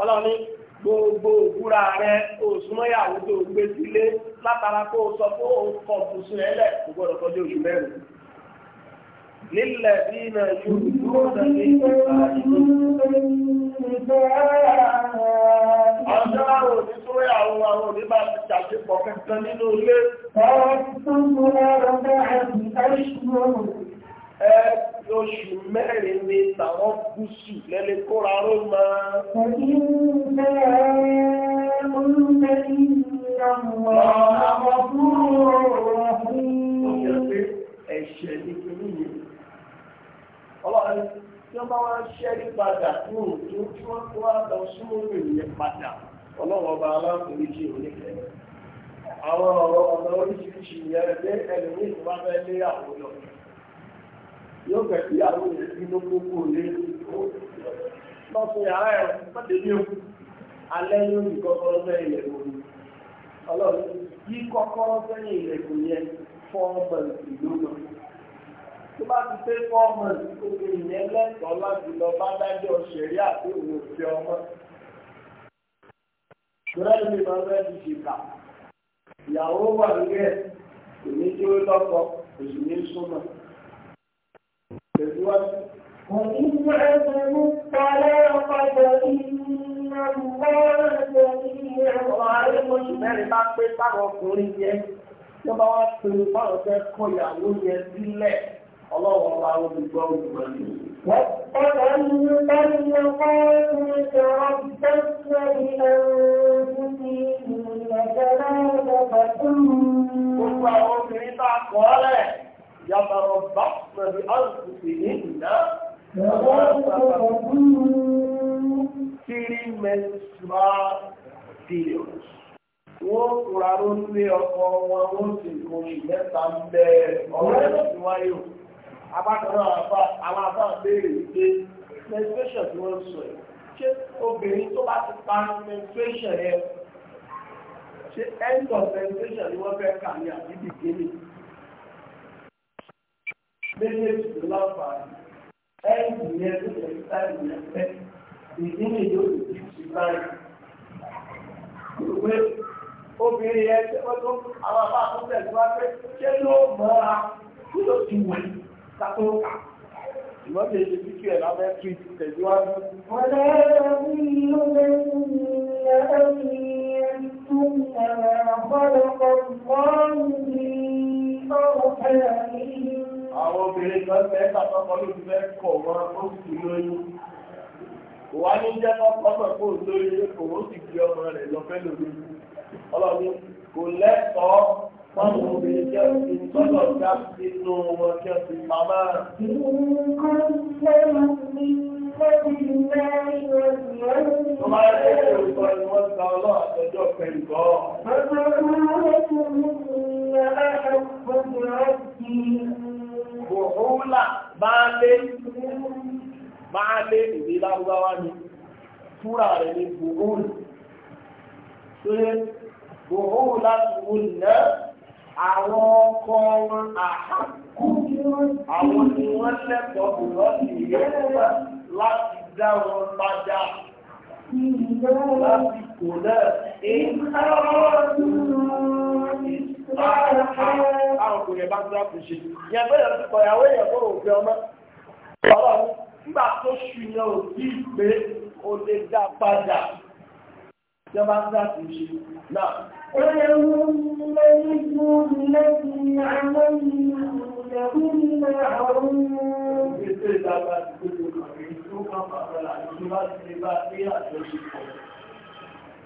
ọlọ́run ní gbogbo òwúra rẹ̀ òsúnmọ́yàwó tó gbé sílé látara kó o sọ pé ó kọ bùsùn ẹ lẹ̀ kò gbọ́dọ̀ kọjú oṣù mẹ́rin. nílẹ̀ bí iná ju ìgbóhùn ní ìgbà ọjọ́ àwọn onísúnmọ́yàwó àwọn oníbà ti ṣàṣepọ̀ kẹta nínú ilé. ẹ lóṣù mẹ́rin ni tàwọn gúúsù lẹ́lẹ́ kóra ló máa. ọlọ́run tí wọ́n bá wá ṣẹ́rí àwọn ọ̀rọ̀ ọ̀nà oríṣiríṣi ìyẹn ẹgbẹ́ ẹlòmíì tó bá fẹ́ lé àwòrán yóò fẹ́ kí àwọn èèyàn bí ló kókó lé lọ fún yàrá ẹ̀ mọ́tẹ́ ní òkú alẹ́ yóò ní kọ́kọ́rọ́ sẹ́yìn ilẹ̀kùn ni ọlọ́run yí kọ́kọ́rọ́ sẹ́yìn ilẹ̀kùn yẹn fọ́ọ̀mọ̀lì ló lọ. tó bá ti pé fọ́ọ̀mọ̀lì obìnrin yẹn lẹ́tọ̀ọ́ láti lọ bá dájọ́ ṣẹ̀rí àti òun òfin ọmọ. ìrẹ́ mi máa fẹ́ ti ṣèkà ìyàwó wà nílẹ̀ kò ní kí ó lọ́kọ òṣù ní وإن عزموا الطلاق فإن الله سميع عليم. Mẹ́rin bá pé táwọn ọkùnrin yẹn tó bá wá pé báwọn fẹ́ kọ ìyàwó yẹn sílẹ̀ ọlọ́wọ́ wa olùgbọ́ olùgbọ́ ni. Wọ́n tọ́lá ní báyìí ọkọ̀ ìjọ ọ̀dọ́sẹ̀ ìlànà ìrìnàjò náà lọ́pàá tó ń. Gbogbo àwọn obìnrin bá kọ́ ọ́lẹ̀. يتربصن بأنفسهن three menstrual periods. Wọ́n kúrarú lé ọkọ wọn, wọ́n sì kò sì mẹ́ta ń bẹ ọ̀rẹ́ ìwáyò. Abákanáà àwọn àbá béèrè wípé menstruation tí wọ́n sọ ẹ̀. Ṣé obìnrin tó bá ti pa menstruation ẹ̀? Ṣé end of menstruation ni wọ́n fẹ́ kà ní àbíbí kéde? méjèèjì ló láǹfààní ẹ̀ẹ́dì yẹn ló lè ta ìyẹn pẹ́ ìdí nìyí ó lè ti báyìí. Ìwé obìnrin yẹn tí wọ́n tó àwọn àbá tó tẹ̀lé wá pé ṣé ló mọ́ra kí ló ti wẹ̀ kátó kà. Ìwọ́n lè ṣe fífi ẹ̀ lábẹ́ kí tẹ̀síwájú. Wọ́n lè rí ilé ìyẹn يَكْتُمْنَ مَا خَلَقَ اللَّهُ مِنْ أَرْحَامِهِمْ àwọn obìnrin kan fẹ́ tàbọ́kọ́ ló ti fẹ́ kọ̀ wọn ó sì tún lóyún wà ní jẹ́ kọ́kọ́ mọ̀ kó o lóyún kò ó sì fi ọmọ rẹ̀ lọ fẹ́ lómi ọlọ́run kò lẹ́tọ̀ọ́ fáwọn obìnrin jẹ́ òfin tọ́lọ̀ já nínú wọn kí wọ́n ti pamá. Tó máa ń ṣe ìròkọ ni wọ́n gba ọlọ́ àtọ́jọ́ pẹ̀lúkọ́. Bàbá mi wọ́n ti mú ìyá àkọ́kọ́ bùhúlà baálé baálé ìwé lárúbáwá ni fúra rẹ̀ ní bùhúlù tó yẹ bùhúlà bùhúlù àwọn ọkọ wọn àhákú àwọn tí wọ́n lẹ́kọ̀ọ́ bùhúlù yẹn láti dá wọn padà lásìkò náà àwọn òkùnrin bá ń dúrà kò ṣe yẹn bẹ́ẹ̀ ti kọ̀yàwó èèyàn tó rò fẹ́ ọmọ ọlọ́run nígbà tó ṣùyàn ò sí pé o lè dá padà ìjọba ń dá pé ìdágbà ti gbogbo ọ̀rẹ́ tó kàn pàtàlà ní tí wá sí bá pé àjọṣepọ̀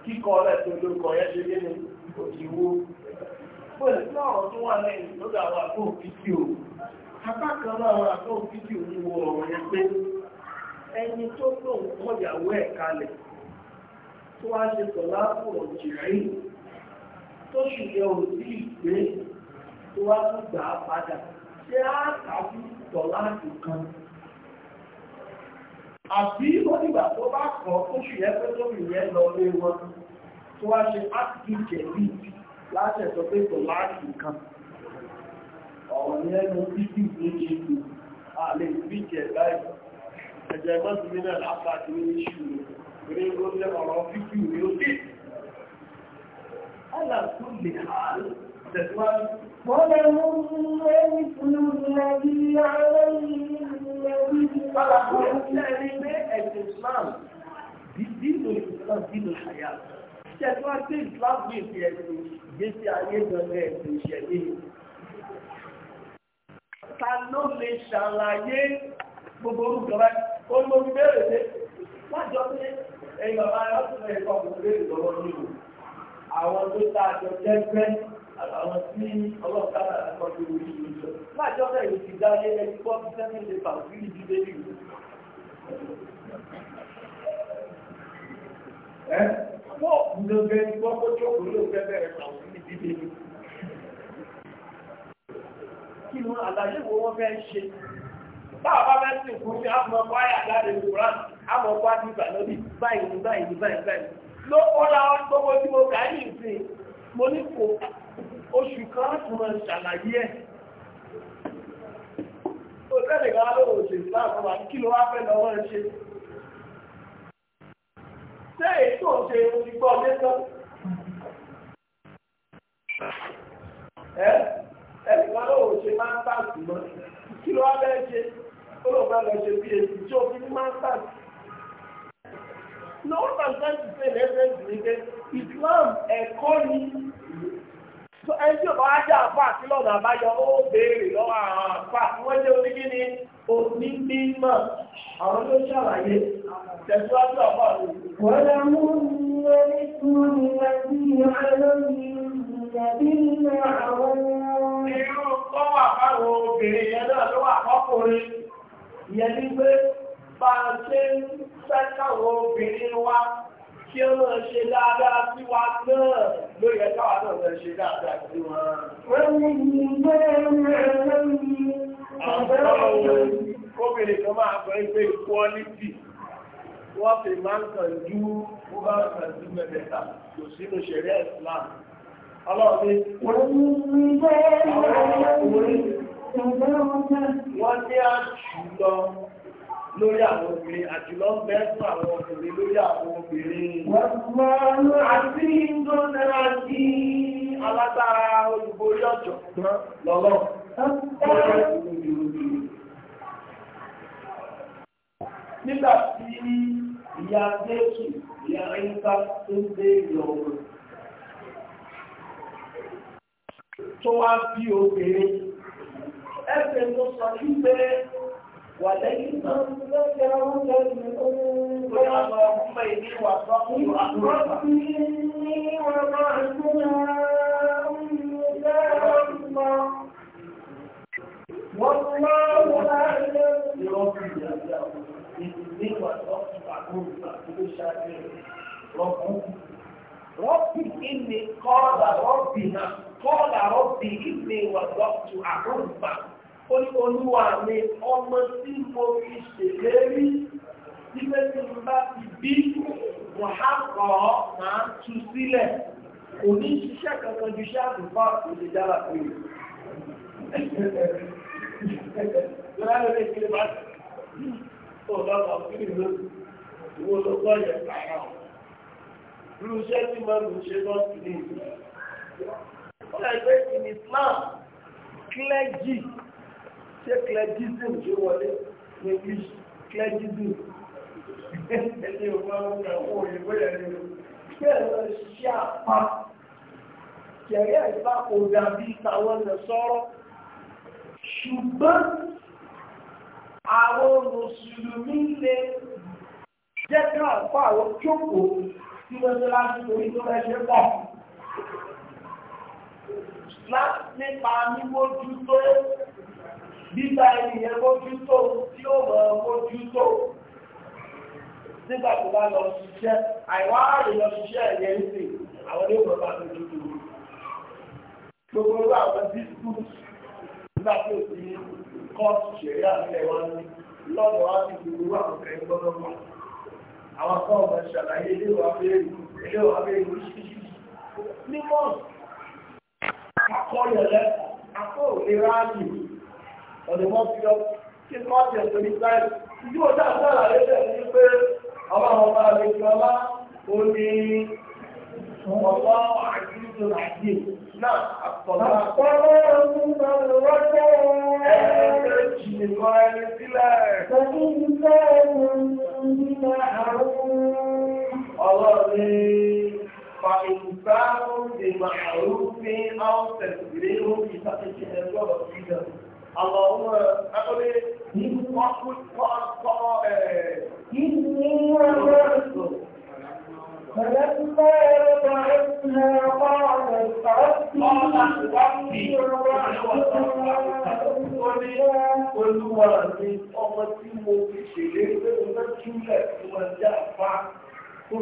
kíkọ rẹ̀ tó lókọ̀ yẹ́ ṣe gẹ́gẹ́ òjìwó pẹ̀lú tí ọ̀rọ̀ tó wà lẹ́yìn lórí àwọn àgbóhùn fídíò apá kan láwọn àgbóhùn fídíò ní wọ ọ̀rọ̀ yẹn pé ẹni tó lóun kọjàwó ẹ̀ kalẹ̀ tó wá ṣe tọ̀lá fún ọ̀jìrẹ́yìn tó ṣùgbọ́n ò sí ìgbé tó wá tún gbà á padà ṣé á kà á fún tọ̀lá kan àbí onígbà tó bá kọ̀ ó sì yẹ pé tó rìnrìn lọ lé wọn tó wá ṣe áàkìkẹ̀ bí láti ẹ̀sọ́ pé kò láàkì kan ọ̀rọ̀ ní ẹnu bíbí méjì lò àlè ìbíjẹ̀ báyìí ẹ̀jẹ̀ mọ́sí nínú àpàdé ní iṣu rẹ̀ ó jẹ́ ọ̀rọ̀ fífí rẹ̀ ó dé aláàkú lè hàálù tẹ̀síwájú Bàbá kò ní kí ẹ rí pé gbogbo orúkọ rẹ̀? Ó ló ń pé wọ́n jọ pé ẹ̀yìn lọ́wọ́ nínú. Àwọn tó tá jọ jẹ́ gbẹ́ àtàwọn tí ọlọ́ọ̀kára àkọ́jú orí ìlú láàjọ́ bẹ́ẹ̀ ló ti dá lé ẹni kọ́ bí sẹ́ni lè fà sí ìdí lórí ìlú. ẹ mọ́ gbogbo ẹni kọ́ kó jókòó ló fẹ́ bẹ̀rẹ̀ fà sí ìdí lórí kí ni àlàyé wo wọ́n fẹ́ ṣe báwa bá fẹ́ sìn fún mi àmọ́ báyà láre kúrán àmọ́ bá ní ìbànúbí báyìí báyìí báyìí báyìí ló ó la gbogbo tí mo kà á yìí sìn mo ní kò oṣù kan látùmọ̀ ṣàlàyé ẹ̀ ó tẹ́lẹ̀ kan lóòrò ṣe ìsìláàmù àti kí ló wá fẹ́ lọ́wọ́ ẹ ṣe ṣé èyí tó ṣe ti gbọ́ ọdẹ tán ẹ ẹnì kan lóòrò ṣe máa ń bá ṣùgbọ́n kí ló wá fẹ́ ṣe ó lò fẹ́ lọ ṣe bí èsì tí òfin máa ń bá ṣùgbọ́n. No, what I'm trying to say in ẹ̀kọ́ ni ẹjọ́ lọ ajá àfà àti lọ́nà àbáyọ ó béèrè lọ́wọ́ àwọn àfà wọ́n jẹ́ oníkí ni òní mímọ̀ àwọn ló ṣàlàyé tẹ̀síwájú àfà rẹ̀. ní pé bá ṣe ń fẹ́ obìnrin wa kí wọ́n máa ṣe dáadáa sí wa náà lórí ẹ̀ka wa náà máa ṣe dáadáa sí wọn. Obìnrin kan máa sọ pé quality wọ́n fi máa ń kàn ju wọ́n bá ń kàn ju mẹ́tẹ̀ẹ̀ta kò sínú ṣẹ̀rẹ́ Islam. Ọlọ́run ní wọ́n ní àjùlọ lórí àwọn obìnrin àjùlọ ń bẹ fún àwọn ọkùnrin lórí àwọn obìnrin. wọ́n àti ìdúnnà sí alágbára olùborí ọ̀jọ̀ lọ́lọ́. nígbà tí ìyá jésù ìyá ayíká tó dé ìlọrin tó wá bí obìnrin ẹsẹ̀ sọ وليمن ذكر كالأنثى اللهم إني وضعت إني وضعتها أنثى والله أعلم بربي إني وضعتها أنثى ربي إني قال ربنا قال ربي إني وضعت أنثى ó ní olúwa mi ọmọ tí mo fi ṣèlérí nígbẹ́ tí mo bá ti bí mọ̀hákọ̀ máa tú sílẹ̀ kò ní ṣiṣẹ́ kankan ju iṣẹ́ àdúgbò kò lè dára pé lọ́la lórí ìpínlẹ̀ bá tó lọ́kọ̀ kí ló ìwọ ló gbọ́ yẹ kàrà ọ̀ tí mo lù ṣe ó lè gbé in Islam clergy ṣé clergism ṣe wọlé ní english clergism ẹni ò máa ń ràn wọ́n òyìnbó yẹn ni bẹ́ẹ̀ lọ ṣe àpá kẹ̀rẹ́ ìfà kò dàbí tàwọn ẹ̀ sọ̀rọ̀ ṣùgbọ́n àwọn mùsùlùmí lè jẹ́ ká àpá àwọn jókòó tí wọ́n ti láti torí tó fẹ́ ṣe pọ̀ nípa mímójútó bíbá ènìyàn mójútó tí ó mọ̀ mójútó nígbà tó bá lọ ṣiṣẹ́ àìwá àrè lọ ṣiṣẹ́ ẹ̀yẹ ń sè àwọn ní ìwọ̀n bá mójútó gbogbo owó àwọn discus nígbà tó ti kọ́ọ̀tù ṣẹ̀rí àlẹ́ wa ní lọ́dọ̀ wá sí gbogbo àwọn ọ̀kẹ́ gbọ́dọ̀ wà àwọn kan ọ̀gá ṣàlàyé ilé wa béèrè ilé wa béèrè oríṣiríṣi ní mọ́ọ̀sì akọ́yẹ̀lẹ́ akọ́ òlera ààyè ọ̀dọ̀ wọn fi ọ kí ni wọ́n ti ẹ̀sọ́ ní sáì ìdí òjò àti àlàyé bẹ̀ ní pé àwọn àwọn ọmọ rẹ̀ ti ọlá ó ní ọ̀pọ̀ àkíyèsí àti náà àpọ̀lá. àpọ̀lá ọdún náà lọ́jọ́ ẹ̀ẹ́dẹ́gbẹ̀rẹ̀ jìnnì kan ẹni sílẹ̀. ọdún náà ní اللهم اقل wa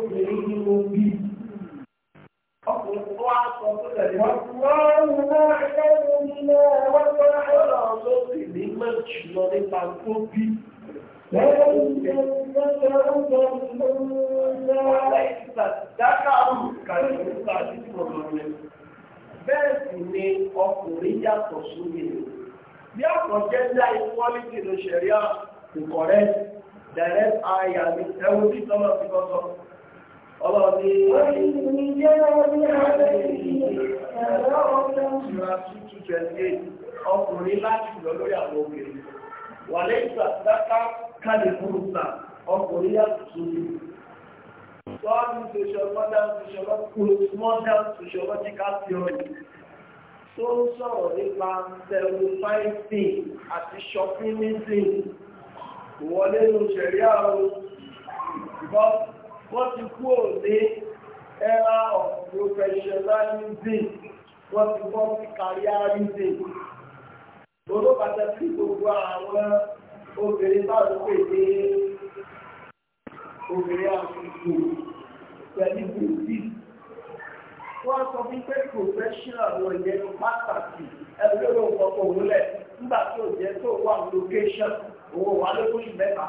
ní obìnrin ni mo bí ọkùnrin tó wá sọ tó tẹ̀lé wọn. wọ́n ń bá ẹgbẹ́ mi náà wọ́n bá ẹ̀rọ lókè ní méjì lọ nípa tó bí. Bẹ́ẹ̀ sì ni ọkùnrin yàtọ̀ sóyè. Bí ọ̀pọ̀ jẹ́ ní àìkọ́lítì ló ṣẹ̀rí à, ìkọ̀rẹ́, direct eye àmì ẹ̀wọ̀n tí tọ́lọ̀ ti kọ́ sọ ọlọ́ọ̀dé ọkùnrin láti lọ lórí àwọn obìnrin wà lẹ́yìn àtúndáká kálẹ̀ fúrúta ọkùnrin yàtọ̀ sórí Modern sociological theory tó ń sọ̀rọ̀ nípa self-finding àti shopping wọlé ló ṣẹ̀rí àrùn wọ́n ti kú òní era of professionalism wọ́n ti kọ́ sí careerism. Gbogbo pàtàkì gbogbo àwọn obìnrin bá ló pè ní obìnrin àkókò pẹ̀lú bòbí. Wọ́n sọ fún pé professional wọ̀ yẹn pàtàkì ẹgbẹ́ ló ń kọ́kọ́ òun lẹ̀ nígbà tí ò jẹ́ tó wà location òun wà lókòṣù mẹ́ta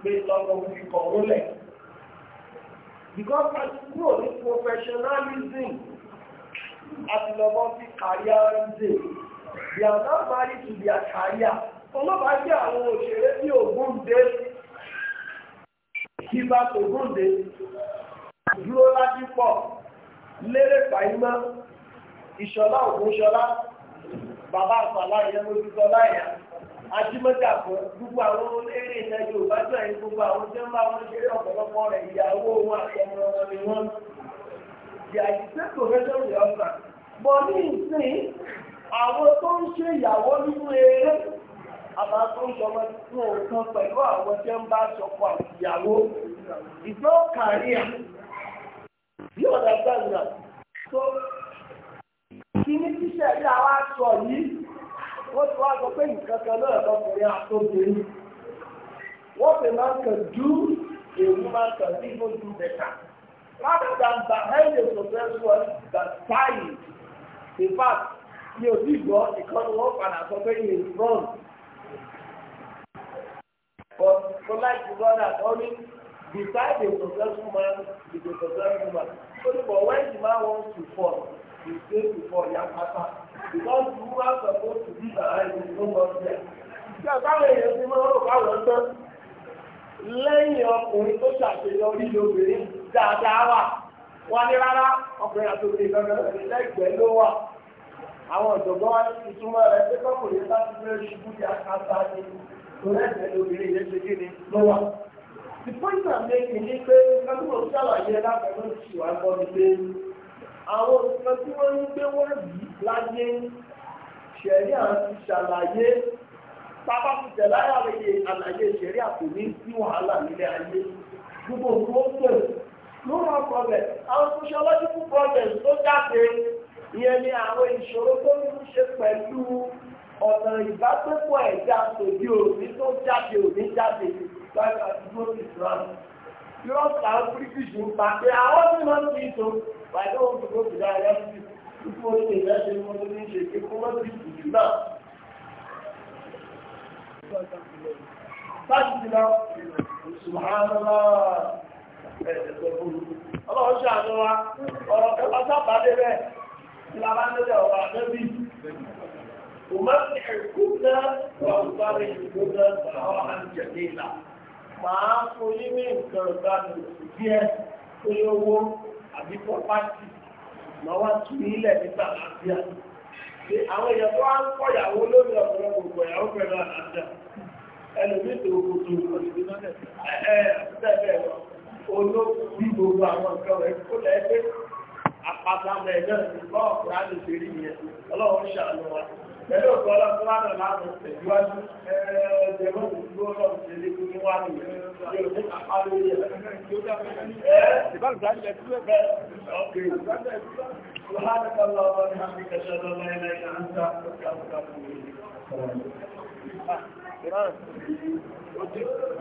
gbé lọ́wọ́ fi kọ̀ wúlẹ̀. because a ti kúrò ní professionalism àti lọ́wọ́ sí careerism they are not married to their career nobody ọlọ́pàá jẹ́ àwọn òṣèré bí Ògúndé kíbá Ògúndé dúró lájú pọ̀ lérè pàímọ́ ìṣọ̀lá Ògúnṣọlá bàbá àpàlá ìyẹn mojútọ́ láyà ajímọ́jà fún gbogbo àwọn eré ilẹ̀ yorùbá tó ẹ̀yìn gbogbo àwọn tí wọ́n bá wọn ṣeré ọ̀pọ̀lọpọ̀ rẹ̀ ìyàwó wọn àtọmọ wọn ni wọ́n. the assistant professor of the office bọ̀ ní ìsìn àwọn tó ń ṣe ìyàwó nínú eré àbá tó ń sọmọ fún òkan pẹ̀lú àwọn tí wọ́n bá sọpọ̀ àti ìyàwó ìfẹ́ kàríà yóò dàgbà náà tó kí ní tíṣẹ̀ bí àwa sọ yìí wọ́n ti wá sọ pé nǹkan kan náà lọ́kùnrin àtọ́bìnrin wọ́n ti máa ń kàn dú èwú máa ń kàn sí ìbò dú bẹ̀tà rather than behind the profession that tied in fact mi ò sí gbọ́ ìkànnì wọn padà sọ pé he is wrong but for like the brother only beside the successful man is a successful man so but when the man wants to fall he stay to fall yakata. Because you are supposed to be behind you, no one there. Ṣé àtàwọn èèyàn ti máa ń rò báwọn ń tán? Lẹ́yìn ọkùnrin tó ṣàṣeyọrí lóbìnrin dáadáa wà. Wọ́n ní rárá ọkùnrin àti obìnrin kankan lẹ́gbẹ̀ẹ́ ló wà. Àwọn ọ̀jọ̀gbọ́n wá ní ìtumọ̀ rẹ̀ pé kọ́kùnrin bá ti fẹ́ ṣubú di akásá ni. Lẹ́gbẹ̀ẹ́ lóbìnrin yẹn ṣe kí ni ló wà. The point I'm making ni pé kí wọ́n ṣàlàyé lápẹ̀lú ìṣìwà gbọ́ ni àwọn nǹkan tí wọ́n ń gbé wọ́n yìí láyé ṣẹ̀rí à ń ṣàlàyé pápá kùtẹ̀ láyàwéye àlàyé ṣẹ̀rí àpò ní sí wàhálà nílé ayé gbogbo nǹkan ó pè lóra problem àwọn sociological problems tó jáde ìyẹn ni àwọn ìṣòro tó ń ṣe pẹ̀lú ọ̀nà ìbágbépọ̀ ẹ̀dá tòbí òní tó jáde òní jáde láti àdúgbò ìsìlámù yóò ta british ń pa pé àwọn tí wọ́n ti tó But I don't want to go to that. I have to before they let them Subhanallah. Eh, eh, eh, Ọlọ́run ṣàánú wa, ọ̀rọ̀ kẹfà sábàdé rẹ̀, ìlànà nílẹ̀ ọ̀rọ̀ àdẹ́bí. ومسح الكبنى وأنصار الكبنى صراحا جميلا. Màá fún yín ní nǹkan ìbánu díẹ̀ tó yóò wó àbí pọ́pátì máa wá tú nílẹ̀ nígbà àlàáfíà àwọn èèyàn tó wá ń kọ́ ìyàwó lórí ọ̀pọ̀lọpọ̀ gbogbo ìyàwó pẹ̀lú àlàáfíà ẹlòmí tó gbogbo ọ̀sẹ̀ olóògbé gbogbo àwọn nǹkan rẹ̀ kó lẹ́gbẹ́ àpàdánù ẹ̀ náà ní bọ́ọ̀kùnrin àti ìṣèrí yẹn ọlọ́run ṣàánú wa pẹ̀lú ọ̀pọ̀ ọlọ́pọ̀ láàrín tẹ̀síwájú ẹgbẹ̀rún ìlú ọlọ́pọ̀ ṣe lé ní yóò